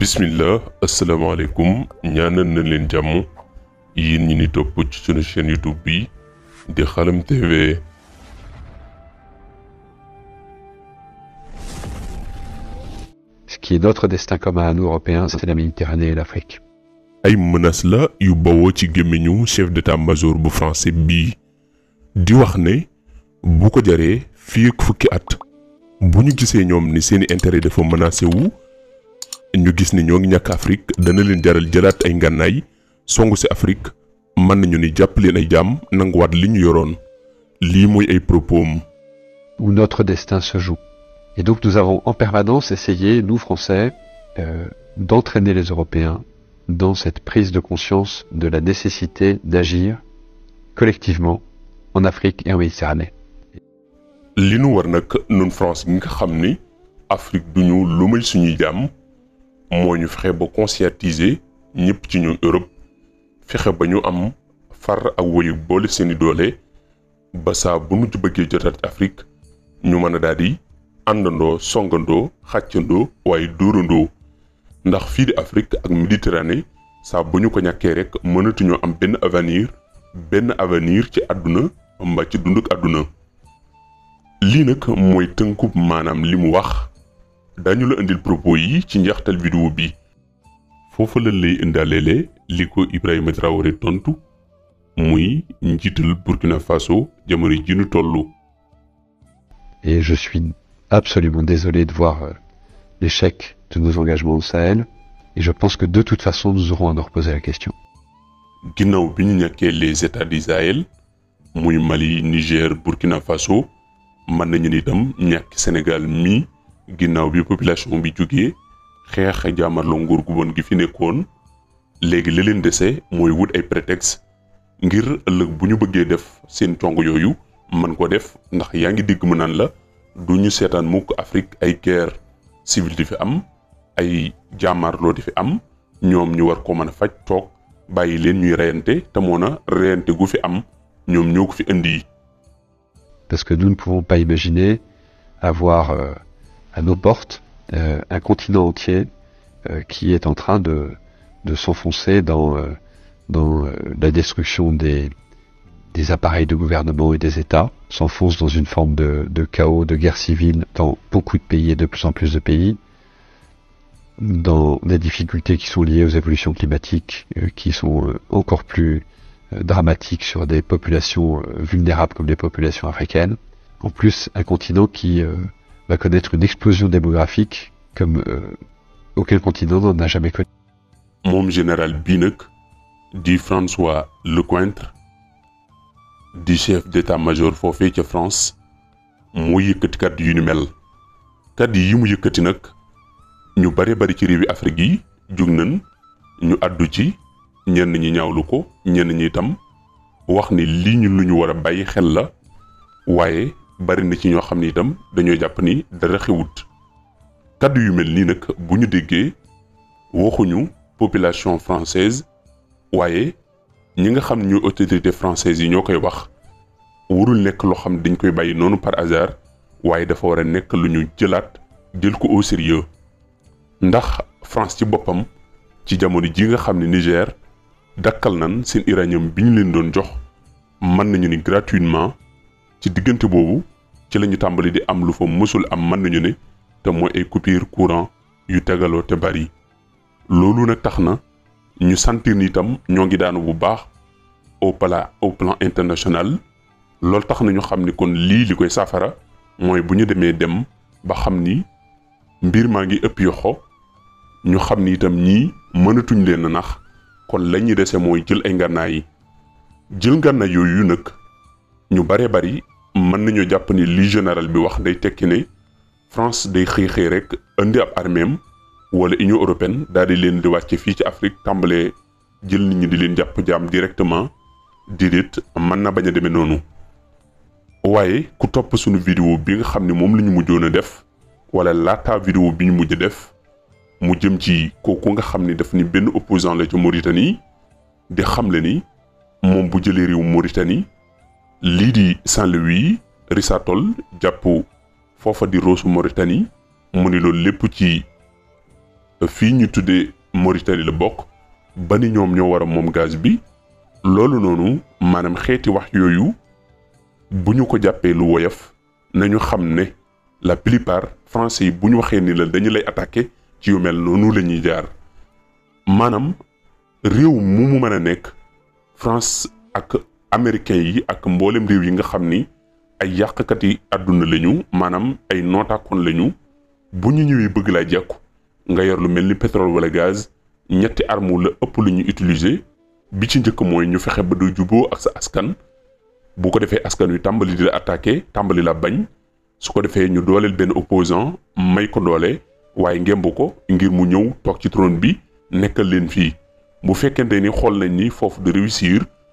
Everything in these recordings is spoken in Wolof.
bismillah ASSALAMU ñaanal na leen jàmm yéen ñi ni topp ci sunu chaîne YouTube bi di Xalam TV ce qui est notre destin commun à nous Européens c'est la Méditerranée et l'Afrique ay menaces la yu bawoo ci gémmiñu chef d'état-major bu français bi. di wax ne bu ko jaree fii ak fukki at bu ñu gisee ñoom ni seeni intérêt dafa menacé wu ñu gis ni ñoo ngi ñàkk Afrique dana leen jaral jëlaat ay ngànnaay songu si Afrique mën nañu ni jàpp leen ay jaam nanguwaat li ñu yoroon lii mooy ay propos où notre destin se joue. Et donc nous avons en permanence essayé, nous Français, euh, d'entraîner les Européens dans cette prise de conscience de la nécessité d'agir collectivement en Afrique et en Méditerranée. Nous war que nous, France gi nga xam Afrique duñu moo ñu fexe ba conscientiser ñëpp ci ñun Europe fexe ba ñu am far ak woyu boole seeni doole ba saa bu nu bëggee jotaat Afrique ñu mën a daal di àndandoo songandoo xàccandoo waaye dóorandoo ndax fii di Afrique ak Méditerranée saa bu ñu ko ñàkkee rek mënatuñoo am benn avenir benn avenir ci àdduna mbaa ci dund àdduna lii nag mooy tënkub maanaam li mu wax dañu la indil propos yi ci njeextal vidéo bi foofu la lay indaaleele li ko Ibrahima Traoré tontu muy njiital Burkina Faso jamono ji ñu toll. Et je suis absolument désolé de voir euh, l'échec de nos engagements au Sahel et je pense que de toute façon nous aurons à nous reposer la question. Ginnaw biñu ñu les états du Sahel muy Mali Niger Burkina Faso man nañu nitam ñàkk Sénégal mi ginnaw bi population bi jugee xex jaamarloo nguur gu bon gi fi nekkoon légui li leen dese mooy wut ay prétexte ngir ëlëk buñu bëggé def seen cong yoyu man ko def ndax yaangi dégg mu nan la duñu ñu mukk Afrique ay guerre civile di fi am ay jaamarloo di fi am ñom ñu war ko mëna fajj tok toog leen ñuy reyante te moon gu fi am ñom ñoo fi indi. Parce que nous ne pouvons pas imaginer avoir. Euh à nos portes euh, un continent entier euh, qui est en train de, s'enfoncer dans, euh, dans la destruction des, des appareils de gouvernement et des États, s'enfonce dans une forme de, de, chaos, de guerre civile dans beaucoup de pays et de plus en plus de pays, dans des difficultés qui sont liées aux évolutions climatiques, qui sont encore plus dramatiques sur des populations vulnérables comme les populations africaines. En plus, un continent qui connaître une explosion démographique comme euh, auquel continent n'a jamais connu. mon général Binok, dit François Lecointre dit chef d'état-major forfait de France Quand yu mel yi mu nag ñu bare bari Afrique yi nañ ñu ci ñi ñi wax ni ñu xel la bari na ci ñoo xam ni itam dañoo jàpp ni dara xewut kàddu yu mel nii nag bu ñu déggee waxuñu population française waaye ñi nga xam ñooy autorité française yi ñoo koy wax warul nekk loo xam dañ koy bàyyi noonu par hasard waaye dafa war a nekk lu ñu jëlaat jël ko au sérieux ndax France ci boppam ci jamono ji nga xam ne Niger dakkal nan seen uranium bi ñu leen doon jox mën nañu ni gratuitement ci diggante boobu ci la ñu tàmbali di am lu fa mësul am mën nañu ne te mooy ay coupure courant yu tegaloo te bari loolu nag tax na ñu sentir ni itam ñoo ngi daanu bu baax au pala plan international loolu tax na ñu xam ni kon lii li koy saafara mooy bu ñu demee dem ba xam ni mbir maa ngi ëpp yoxo ñu xam ni itam ñii mënatuñ leen a kon la ñuy dese mooy jël ay ngànnaay yi jël ngànnaay yooyu nag. ñu bare bari mën nañu jàpp ni lii général bi wax day tekki ne France day xëy xëy rek indi ab arméem wala Union européenne daal di leen di wàcce fii ci Afrique tàmbalee jël nit ñi di leen jàpp jaam directement déedéet mën na bañ a demee noonu. waaye ku topp sunu video bi nga xam ni moom lañu ñu mujjoon a def wala laataa vidéo bi ñu mujj def mu jëm ci kooku nga xam ni daf ni benn opposant la ci Mauritanie di xamle ni moom bu jëlee réew Mauritanie. lii di Saint-Louis Risatol jàpp foofa di Rosso Mauritanie hmm. mu ni loolu lépp ci euh, fii ñu tuddee Mauritanie la bokk ba ni ñoom ñoo war moom gaz bi loolu noonu maanaam xeeti wax yooyu bu ñu ko jàppee lu woyof nañu xam ne la plupart français yi bu ñu waxee ni la dañu lay attaqué ci yu mel noonu la ñuy jaar maanaam réew mu mu mën a nekk France ak américains yi ak mboolem réew yi nga xam ni ay yàqkat yi àdduna lañu maanaam ay nootaakoon lañu bu ñu ñëwee bëgg laa jàkku nga yor lu mel ni pétrole walla gaz ñetti arme la ëpp lu ñu utiliser bi ci njëkk mooy ñu fexe ba du juboo ak sa askan bu ko defee askan wi tàmbali di la attaqué tàmbali la bañ su ko defee ñu dooleel benn opposant may ko doole waaye ngemb ko ngir mu ñëw toog ci trone bi nekkal leen fii bu fekkente ni xool nañ ni foofu du réussir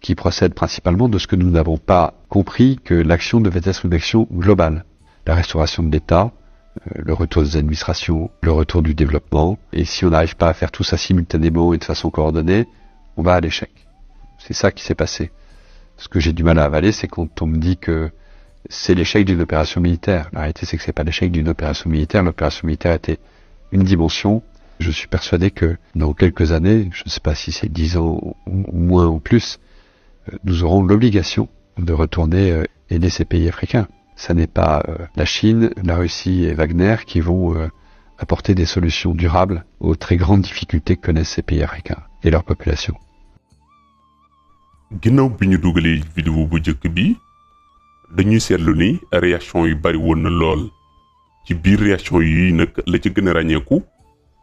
qui procède principalement de ce que nous n'avons pas compris que l'action devait être une action globale. La restauration de l'État, euh, le retour des administrations, le retour du développement, et si on n'arrive pas à faire tout ça simultanément et de façon coordonnée, on va à l'échec. C'est ça qui s'est passé. Ce que j'ai du mal à avaler, c'est quand on me dit que c'est l'échec d'une opération militaire. La réalité, c'est que c'est pas l'échec d'une opération militaire. L'opération militaire était une dimension. Je suis persuadé que dans quelques années, je ne sais pas si c'est dix ans ou moins ou plus, nous aurons l'obligation de retourner euh, aider ces pays africains. Ça n'est pas euh, la Chine, la Russie et Wagner qui vont euh, apporter des solutions durables aux très grandes difficultés que connaissent ces pays africains et leur population. ginnaaw bi ñu dugalee vidéo bu njëkk bi dañuy seetlu ni réaction yu bari woon na lool ci biir réaction yi nag la ci gën a ràññeeku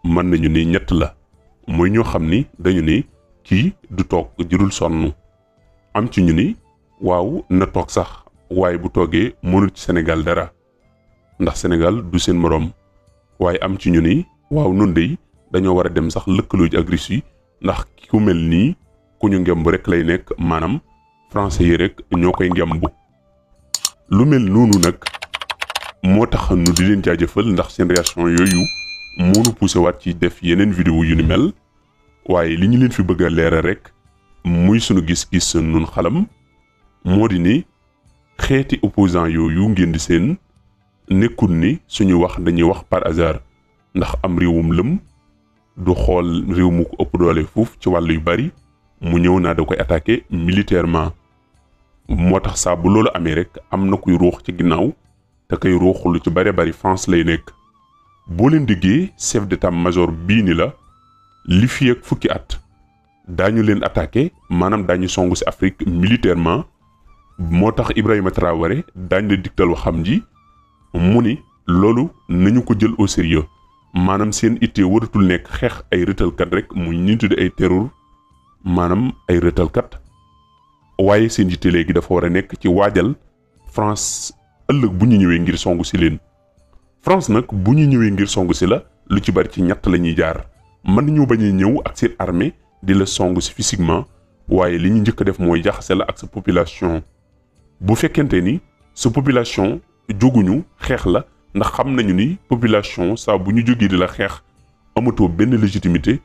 mën nañu ni ñett la mooy ñoo xam ni dañu ni kii du toog jërul sonn am ci ñu ni waaw na toog sax waaye bu toogee mënul ci senegal dara ndax Sénégal du seen moroom waaye am ci ñu ni waaw nun de dañoo war a dem sax lëkkaloo ji ak Russie ndax ku mel nii ku ñu ngemb rek lay nekk maanaam français yi rek ñoo koy ngemb lu mel noonu nag moo tax nu di leen jaajëfal ndax seen réaction yooyu moo nu waat ci def yeneen vidéo yu ni mel waaye li ñu leen fi bëgg a leeral rek muy sunu gis-gis nun xalam moo di ni xeeti opposant yooyu ngeen di seen nekkul ni suñu wax dañuy wax par hasard ndax am réewum lëm du xool réew mu ko ëpp doole foofu ci wàll yu bari mu ñëw naa da koy attaqué militairement moo tax saa bu loolu amee rek am na kuy ruux ci ginnaaw te koy ruuxu lu ci bare bari France lay nekk boo leen déggee chef d'état-major bii ni la li fi fukki at dañu leen attaqué manam dañu songu ci afrique militairement motax ibrahima traoré dañ le diktal waxam ji muni lolu nañu ko jël au sérieux manam seen ité waratul nek xex ay kat rek mu ñu tudde ay terror manam ay kat waye seen jité légui dafa wara nek ci france ëllëg bu ñu ñëwee ngir songu ci leen france nak bu ñu Songusila, ngir songu ci la lu ci bari ci ñatt lañuy jaar man ñu bañ ñëw ak seen armée di la song si physiquement waaye li ñu njëkk def mooy la ak sa population bu fekkente ni sa population jóguñu a la ndax xam nañu ni population saa bu ñu la xeex amatoo légitimité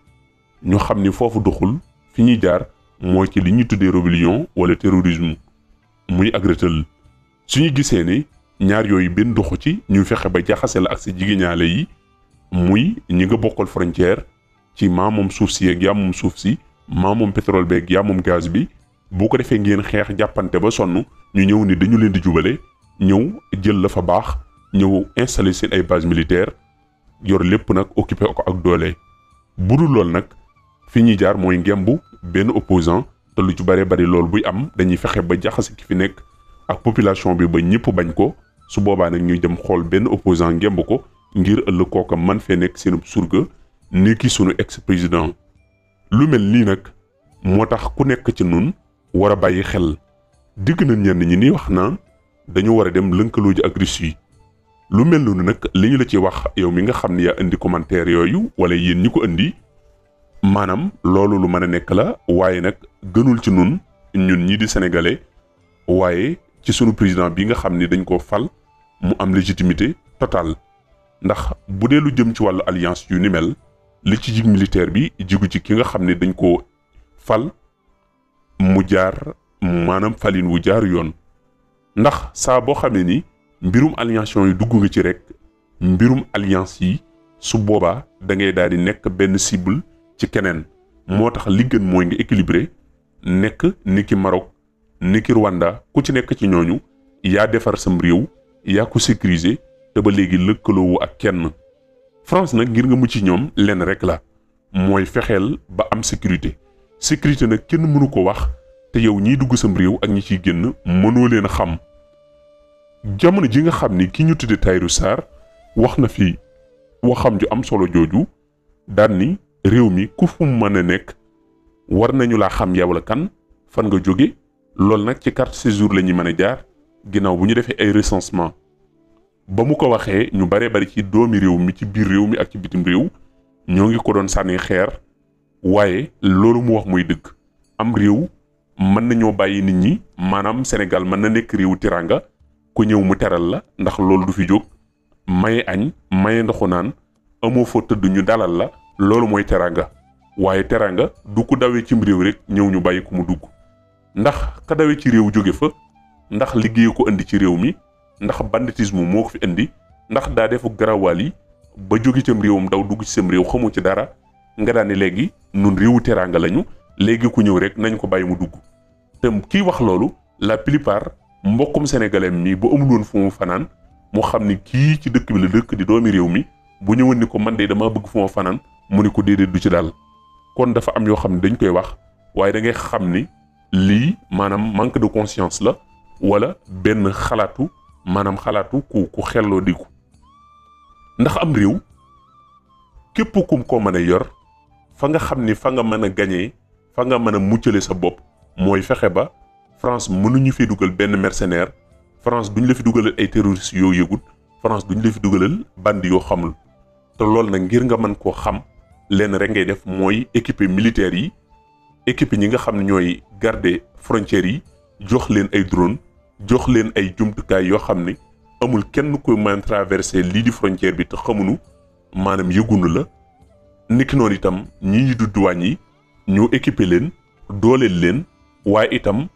ñu xam ni jaar ci li wala terrorisme muy agretel suñu gisee ni ñaar yooyu benn doxu ci ñu fexe ba la ak sa yi muy frontière ci maa moom suuf si yeeg yaa suuf si maa moom pétrole beeg yaa moom gaz bi bu ko defee ngeen xeex jàppante ba sonn ñu ñëw ni dañu leen di jubale ñëw jël la fa baax ñëw installé seen ay base militaire yor lépp nag occupé ko ak doole. bu dul lool nag fi ñuy jaar mooy ngemb benn opposant te lu ci bare bari lool buy am dañuy fexe ba jaxase ki fi nekk ak population bi ba ñëpp bañ ko su boobaa nag ñuy jëm xool benn opposant ngemb ko ngir ëllëg kooka man fee nekk seen surga ni ki sunu ex lu mel nii nag moo tax ku nekk ci nun war a bàyyi xel digg na ñenn ñi ni wax naan dañu war a dem lëkkaloo ji ak Russie lu mel noonu nag li ñu la ci wax yow mi nga xam ne yaa indi commentaire yooyu wala yéen ñi ko indi maanaam loolu lu mën a nekk la waaye nag gënul ci nun ñun ñii di sénégalais waaye ci sunu président bi nga xam ni dañ koo fal mu am légitimité totale ndax bu dee lu jëm ci wàllu alliance yu ni mel li ci jig militaire bi jigu ci ki nga xam ne dañ ko fal mu jaar maanaam falin wu jaar yoon ndax saa boo xamee ni mbirum alliance yi dugg nga ci rek mbirum alliance yi su boobaa da ngay daal di nekk benn cible ci keneen moo tax li gën mooy nga équilibré nekk ni ki Maroc ni ki Rwanda ku ci nekk ci ñooñu yaa defar sam réew yaa ko sécuriser te ba léegi lëkkaloowu ak kenn France nag ngir nga ci ñoom lenn rek la mooy fexeel ba am sécurité sécurité nag kenn mënu ko wax te yow ñiy dugg sam réew ak ñi ciy génn mënoo leen xam jamono ji nga xam ni ki ñu tudde Tahirou Sarr wax na fi xam ju am solo jooju daan ni réew mi ku fu mën a nekk war nañu laa xam yow la kan fan nga jóge loolu nag ci carte séjour la ñuy mën a jaar ginnaaw bu ñu defee ay recensement ba mu ko waxee ñu baree bari ci doomi réew mi ci biir réew mi ak ci bitim réew ñoo ngi ko doon sànni xeer waaye loolu mu wax muy dëgg am réew mën nañoo bàyyi nit ñi maanaam Sénégal mën na nekk réewu tiranga ku ñëw mu teral la ndax loolu du fi jóg maye añ maye ndoxu naan amoo fa tëdd ñu dalal la loolu mooy teranga waaye teranga du ko dawee cim réew rek ñëw ñu bàyyi ko mu dugg ndax ka dawee ci réew jóge fa ndax liggéey ko indi ci réew mi ndax banditisme moo ko fi indi ndax daa defu garawaal yi ba jóge cam réewam daw dugg ci sam réew xamu ci dara nga daane léegi nun réewu teraanga lañu léegi ku ñëw rek nañ ko bàyyi mu dugg te kii wax loolu la plupart mbokkum sénégalais mi bu amul woon fu mu fanaan mu xam ni kii ci dëkk bi la dëkk di doomi réew mi bu ñëwoon ni ko man de damaa bëgg fu ma fanaan mu ni ko déedéet du ci daal kon dafa am yoo xam ne dañ koy wax waaye da ngay xam ni lii maanaam manque de conscience la wala benn xalaatu manam xalaatu ku ku xelloo diku ndax am réew képp kum ko mën a yor fa nga xam ni fa nga mën a fa nga mën a sa bopp mooy fexe ba France mënuñu fi dugal benn mercenaire France duñ la fi dugalal ay terroriste yoo yëgut France duñ la fi dugalal bandi yoo xamul te lool nag ngir nga mën koo xam leen rek ngay def mooy équipe militaire yi équipe yi nga xam ne garder frontière yi jox leen ay drone jox leen ay jumtukaay yoo xam ni amul kenn koy mën traversé lii di frontière bi te xamunu maanaam yëgunu la niki itam ñi du duwaañ yi ñoo équipé leen dooleel leen waaye itam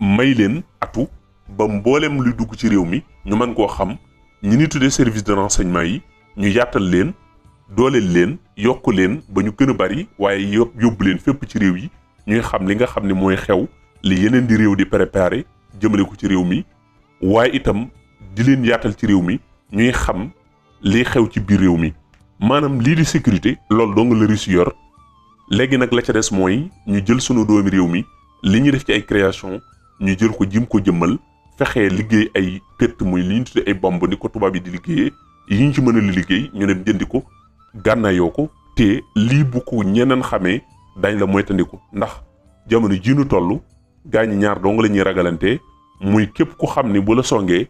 may leen atu ba mbooleem luy dugg ci réew mi ñu mën koo xam ñi ni service de renseignement yi ñu yaatal leen dooleel leen yokk leen ba ñu gën a bari waaye yóbbu leen fépp ci réew yi ñuy xam li nga xam ni mooy xew li yeneen di réew di préparé jëmale ko ci réew mi waaye itam di leen yaatal ci réew mi ñuy xam li xew ci biir réew mi maanaam lii di sécurité loolu dong la Russie yor léegi nag la ca des mooy ñu jël sunu doomi réew mi li ñu def ci ay création ñu jël ko jim ko jëmmal fexe liggéey ay pett muy li ñu tuddee ay bomb ni ko tubaab yi di liggéeyee yi ñu ci mën a liggéey ñu dem jëndi ko gànnaayoo ko te lii bu ko ñeneen xamee dañ la moytandiku ndax jamono ji nu toll gaa ñi ñaar dong la ñuy ragalante muy képp ku xam ni bu la songee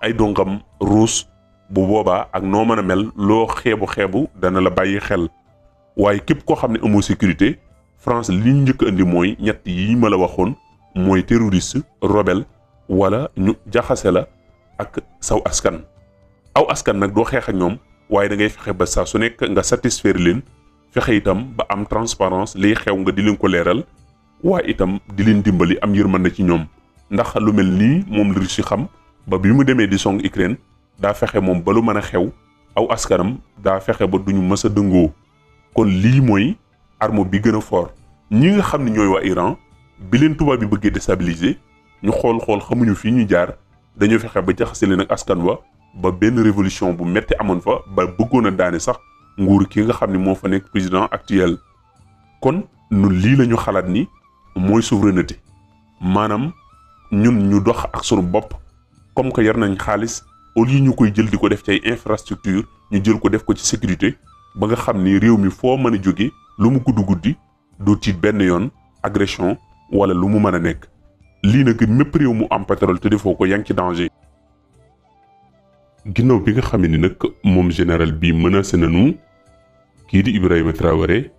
ay dongam ruus bu boobaa ak noo mën a mel loo xeebu xeebu dana la bàyyi xel waaye képp koo xam ne amoo sécurité France li ñu njëkk andi mooy ñett yi ma la waxoon mooy terroriste rebelle wala ñu jaxase la ak saw askan. aw askan nag doo xeex ak ñoom waaye da ngay fexe ba saa su nekk nga satisfaire leen fexe itam ba am transparence liy xew nga di leen ko leeral. waa itam di leen dimbali am yërmande ci ñoom ndax lu mel nii moom la Russie xam ba bi mu demee di song Ukraine daa fexe moom ba lu mën a xew aw askanam daa fexe ba duñu mës a dëngoo kon lii mooy armo bi gën a fort ñi nga xam ne ñooy waa Iran bi leen tubaab bi bëggee déstabiliser ñu xool xool xamuñu fii ñu jaar dañoo fexe ba jaxase leen ak askan wa ba benn révolution bu metti amoon fa ba bëggoon a daane sax nguur ki nga xam ne moo fa nekk président actuel kon lii la ñu xalaat ni mooy souveraineté maanaam ñun ñu dox ak sunu bopp comme que yor nañ xaalis au lieu ñu koy jël di ko def ci ay infrastructure ñu jël ko def ko ci sécurité ba nga xam ni réew mi foo mën a jóge lu mu gudd guddi doo tiit benn yoon agression wala lu mu mën a nekk lii nag mépp réew mu am pétrole te defoo ko yaa ci danger. ginnaaw bi nga xam ni nag moom général bi menacé nañu kii di Ibrahima Traoré.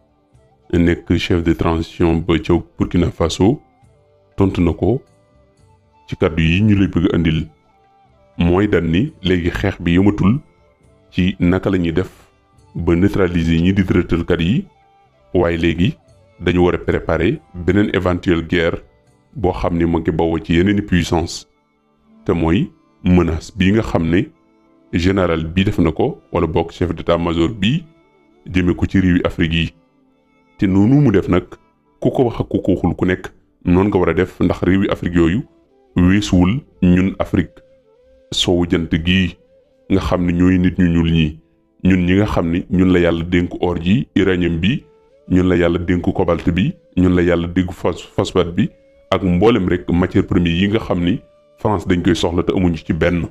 nek chef de transition ba ca Burkina Faso tontu nako ci kàddu yi ñu lay bëgg andil moy dal ni légui xex bi yëmatul ci naka lañu def ba neutraliser ñi di kat yi waaye légui dañu wara préparer benen éventuelle guerre bo xam mo mu ngi bawoo ci yeneen puissance te moy menace bi nga xam général bi def nako wala bok chef d'état-major bi jëme ko ci réewi Afrique yi. te noonu mu def nag ku ko wax ak ku ko waxul ku nekk noonu nga war a def ndax réewi Afrique yooyu weesuwul ñun Afrique soowu jant gi nga xam ne ñooy nit ñu ñuul ñi ñun ñi nga xam ni ñun la yàlla dénk or ji uranium bi ñun la yàlla dénk cobalt bi ñun la yàlla dénk phosphate bi ak mboolem rek matière première yi nga xam ni France dañ koy soxla te amuñu ci benn.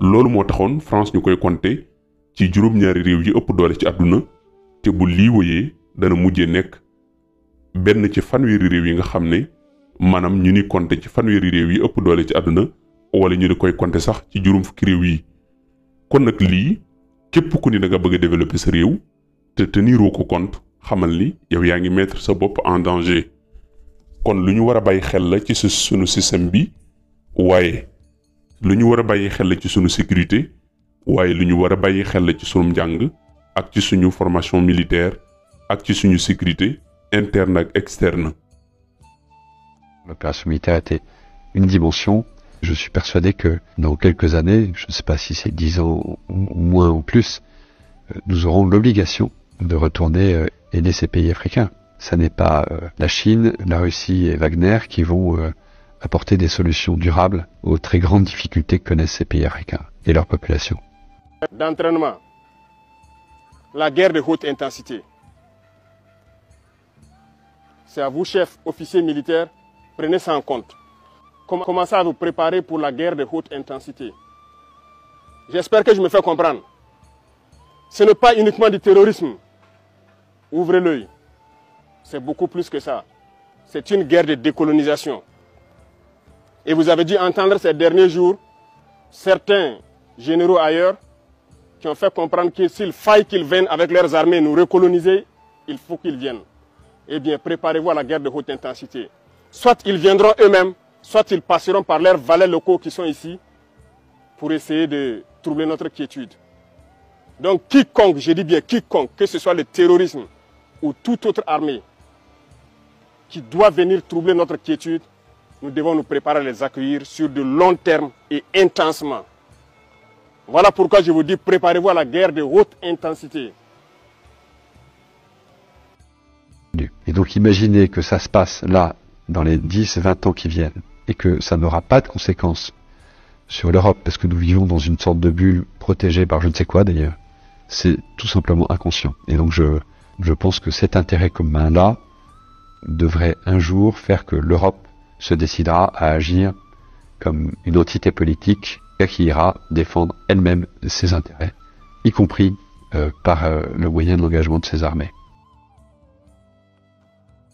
loolu moo taxoon France ñu koy compter ci juróom-ñaari réew yi ëpp doole ci àdduna te bu lii dana mujje nekk benn ci fanweeri réew yi nga xam ne maanaam ñu ni compter ci fanweeri réew yi ëpp doole ci àdduna wala ñu di koy compter sax ci juróom fukki réew yi kon nag lii képp ku ni da nga bëgg a développer sa réew te teniroo ko compte xamal ni yow yaa ngi mettre sa bopp en danger kon lu ñu war a bàyyi xel la ci sunu système bi waaye lu ñu war a bàyyi xel la ci sunu sécurité waaye lu ñu war a bàyyi xel la ci sunu njàng ak ci suñu formation militaire ak sur une sécurité interne et externe. L'opération militaire était une dimension. Je suis persuadé que dans quelques années, je ne sais pas si c'est dix ans ou moins ou plus, euh, nous aurons l'obligation de retourner euh, aider ces pays africains. Ce n'est pas euh, la Chine, la Russie et Wagner qui vont apporter des solutions durables aux très grandes difficultés que connaissent ces pays africains et leur population. D'entraînement, la guerre de haute intensité, c'est à vous, chefs, officiers militaires, prenez ça en compte. Commencez à vous préparer pour la guerre de haute intensité. J'espère que je me fais comprendre. Ce n'est pas uniquement du terrorisme. Ouvrez l'œil. C'est beaucoup plus que ça. C'est une guerre de décolonisation. Et vous avez dû entendre ces derniers jours certains généraux ailleurs qui ont fait comprendre que s'il faille qu'ils viennent avec leurs armées nous recoloniser, il faut qu'ils viennent eh bien, préparez-vous à la guerre de haute intensité. Soit ils viendront eux-mêmes, soit ils passeront par leurs valets locaux qui sont ici pour essayer de troubler notre quiétude. Donc quiconque, je dis bien quiconque, que ce soit le terrorisme ou toute autre armée qui doit venir troubler notre quiétude, nous devons nous préparer à les accueillir sur de long terme et intensement. Voilà pourquoi je vous dis, préparez-vous à la guerre de haute intensité. Et donc imaginez que ça se passe là, dans les 10, 20 ans qui viennent, et que ça n'aura pas de conséquences sur l'Europe, parce que nous vivons dans une sorte de bulle protégée par je ne sais quoi d'ailleurs. C'est tout simplement inconscient. Et donc je, pense que cet intérêt commun-là devrait un jour faire que l'Europe se décidera à agir comme une entité politique qui ira défendre elle-même ses intérêts, y compris euh, par euh, le moyen de l'engagement de ses armées.